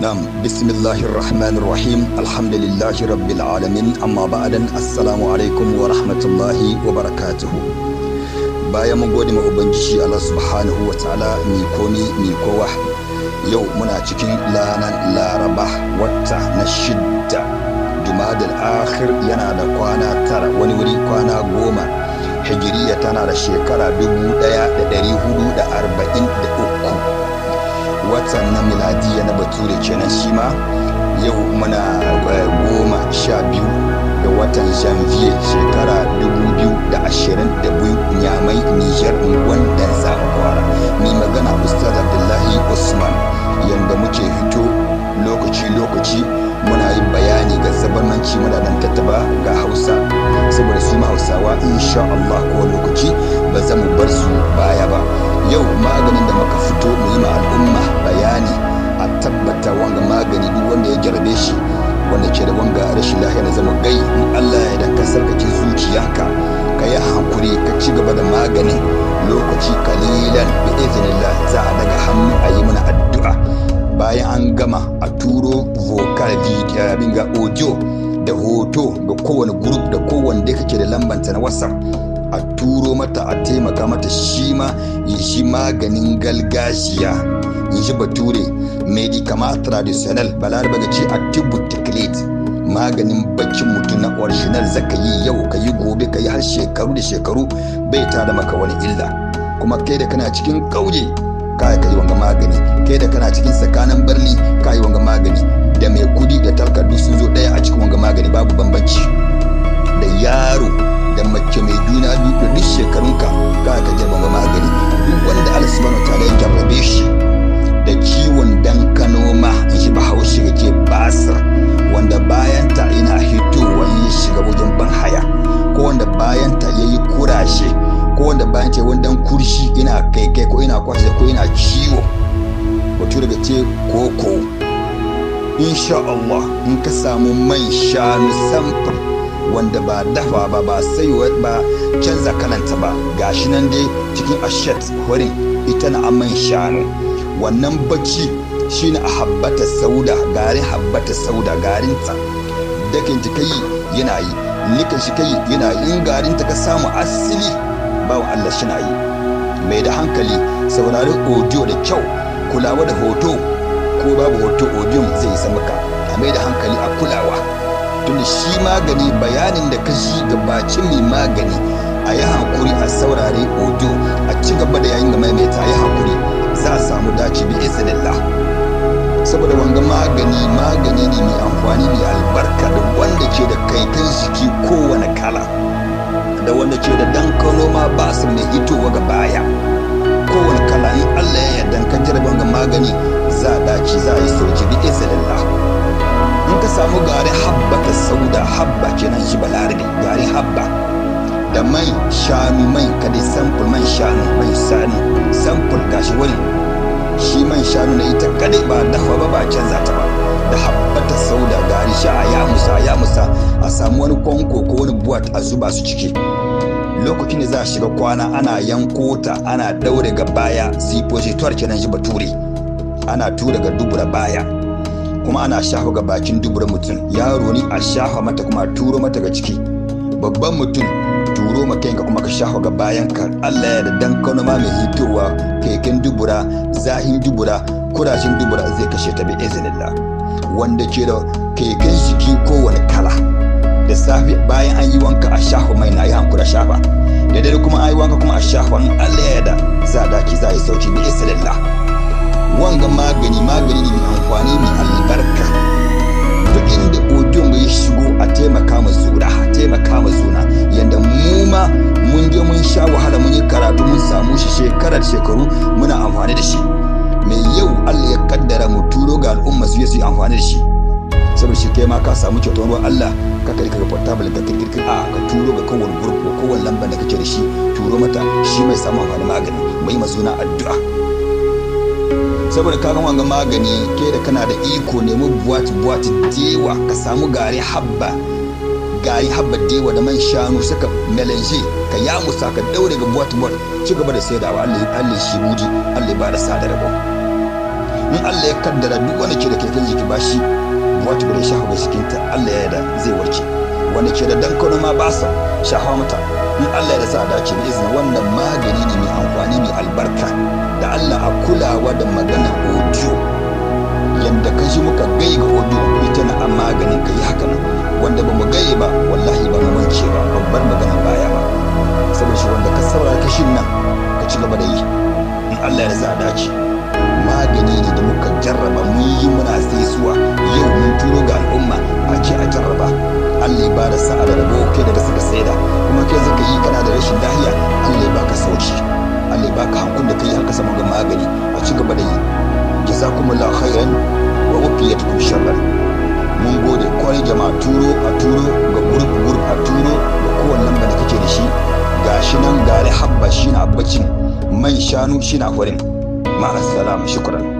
Nam, bismillahirrahmanirrahim, alhamdulillahi rabbil alamin, amma ba'adan assalamu alaikum wa rahmatullahi wa barakatuhu. Bayan mu gode ma Ubangiji Allah subhanahu wa ta'ala mai komi mai kowa, yau muna cikin lanar laraba wata na shidda. Jumadal akhir yana da kwana tara wani wuri kwana goma. Hijiriya tana da shekara dubu ɗaya sannan miladiya na bature kenan shi ma yau muna eh, goma sha biyu da watan janvier shekara dubu biyu da ashirin da biyu nyamai nijar wanda zamfara mai magana ustaz abdullahi usman yadda muke hito lokaci-lokaci muna yin bayani ga zabarmanci muna dan tattaba ga hausa saboda su ma hausawa insha Allah kowa lokaci ba za mu bar su baya yau maganin da muka fito mu yi ma al'umma bayani a tabbata wanga magani duk wanda ya jarabe shi wanda ke da wanga rashin lafiya na zama gai in Allah ya danka ka sarkace zuciyanka ka yi hankuri ka ci gaba da magani lokaci kalilan bi iznillah za a daga hannu a yi mana addu'a bayan an gama a turo vocal video abin ga audio da hoto da kowane group da kowanne kake da lambanta na whatsapp a turo mata a taimaka mata shi ma shi maganin galgashiya in shi bature medicama traditional balaraba ga ce a maganin bakin mutum na orishinal zaka yi yau ka yi gobe ka yi har shekaru da shekaru bai da maka wani illa kuma kai da kana cikin kauye ka yi wanga magani kai da kana cikin tsakanin birni ka yi wanga magani da mai kudi da talka sun zo daya a cikin wanga koko insha Allah in ka samu man shanu samfur wanda ba dafa ba ba saiwa ba canza kananta ba gashi nan dai cikin ashet hurin ita na man shanu wannan bacci shine a habbata sauda garin habbata sauda garinta dakin ta kai yana yi nikan shi kai yana yi in garinta ka samu asili wa Allah shi na yi mai da hankali saurari audio da kyau kulawa da hoto ko babu hoto odium zai isa maka a mai da hankali a kulawa tun shi magani bayanin da ka shi gabacin mai magani a yi hankuri a saurare audio a ci gaba da yayin da maimaita yi hankuri za a samu dace bi izinillah saboda wanga magani magani ne mai amfani mai albarka da wanda ke da kaikan jiki kowane kala da wanda ke da dankano ma ba su mai hitowa ga baya kowane kala in allah ya yarda kan jarabar ga magani samu garin habba ta sauda habba kenan shi balarabi garin habba da mai shanu mai kadai samfur man shanu mai sani samfur gashi wani shi man shanu na ita kadai ba dafa ba ba canza ta ba da ta sauda gari sha a ya musa a ya musa a samu wani kwanko ko wani buwat a zuba su ciki lokacin da za a shiga kwana ana yanko ta ana daure ga baya sifoshi tuwar kenan shi bature ana tura ga dubura baya kuma ana shafa ga bakin dubura mutum yaro ne a shafa mata kuma turo mata ga ciki babban mutum turo maka yanka kuma ka shafa ga bayan ka Allah ya da dan kauna ma mai hitowa keken dubura zahin dubura kurashin dubura zai kashe ta bi iznillah wanda ke da keken shiki kowane kala da safi bayan an yi wanka a shafa mai na yi hankula shafa da dare kuma an yi wanka kuma a shafa Allah ya da za ki za yi sauki sha wahala mun yi karatu mun samu shi shekarar shekaru muna amfani da shi mai yau Allah ya kaddara mu turo ga al'umma su su yi amfani da shi saboda shi kai ma ka samu kyautar ruwan Allah ka kai ka portable ka kirkir a ka turo ga kowane group ko kowane lamba da kake da shi turo mata shi mai samu amfani magani mu yi mazuna addu'a saboda kagan wanga magani ke da kana da iko nemi buwati buwati dewa ka samu gari habba gari habbar dewa da man shanu suka melange ka ya musa ka daure ga buwat buwat ci gaba da saidawa Allah Allah shi buji Allah ba da sada rabo in Allah ya kaddara duk wani ke da kirkin jiki ba shi buwat buwat shahu ba cikin ta Allah ya yarda zai warke wani ke da dankano ma ba sa shahawa mata in Allah ya sa dace da izinin wannan magani ne mai amfani mai albarka da Allah a kulawa da magana audio yadda ka ji muka gai ga odo ita na an maganin ka yi haka nan wanda ba mu gai ba wallahi ba mu wanke ba babbar magana baya ba saboda shi wanda ka ka kashin nan ka ci gaba da yi in Allah ya sa dace magani ne da muka jarraba mun yi muna saisuwa yau mun turo ga al'umma a ce a jarraba Allah ya bada sa'a da rabo kai daga suka saida kuma ke zaka yi kana da rashin lahiya Allah ya baka sauki Allah ya baka hankun da kai har ka samu ga magani a ci gaba da yi jazakumullahu khairan wa wafiyatukum sharran mun gode kwarai jama'a turo a turo ga gurb gurb a turo ga kowanne lamba da kake da shi gashi nan gari habba shi na bacin man shanu shi na hurin ma'asalam shukran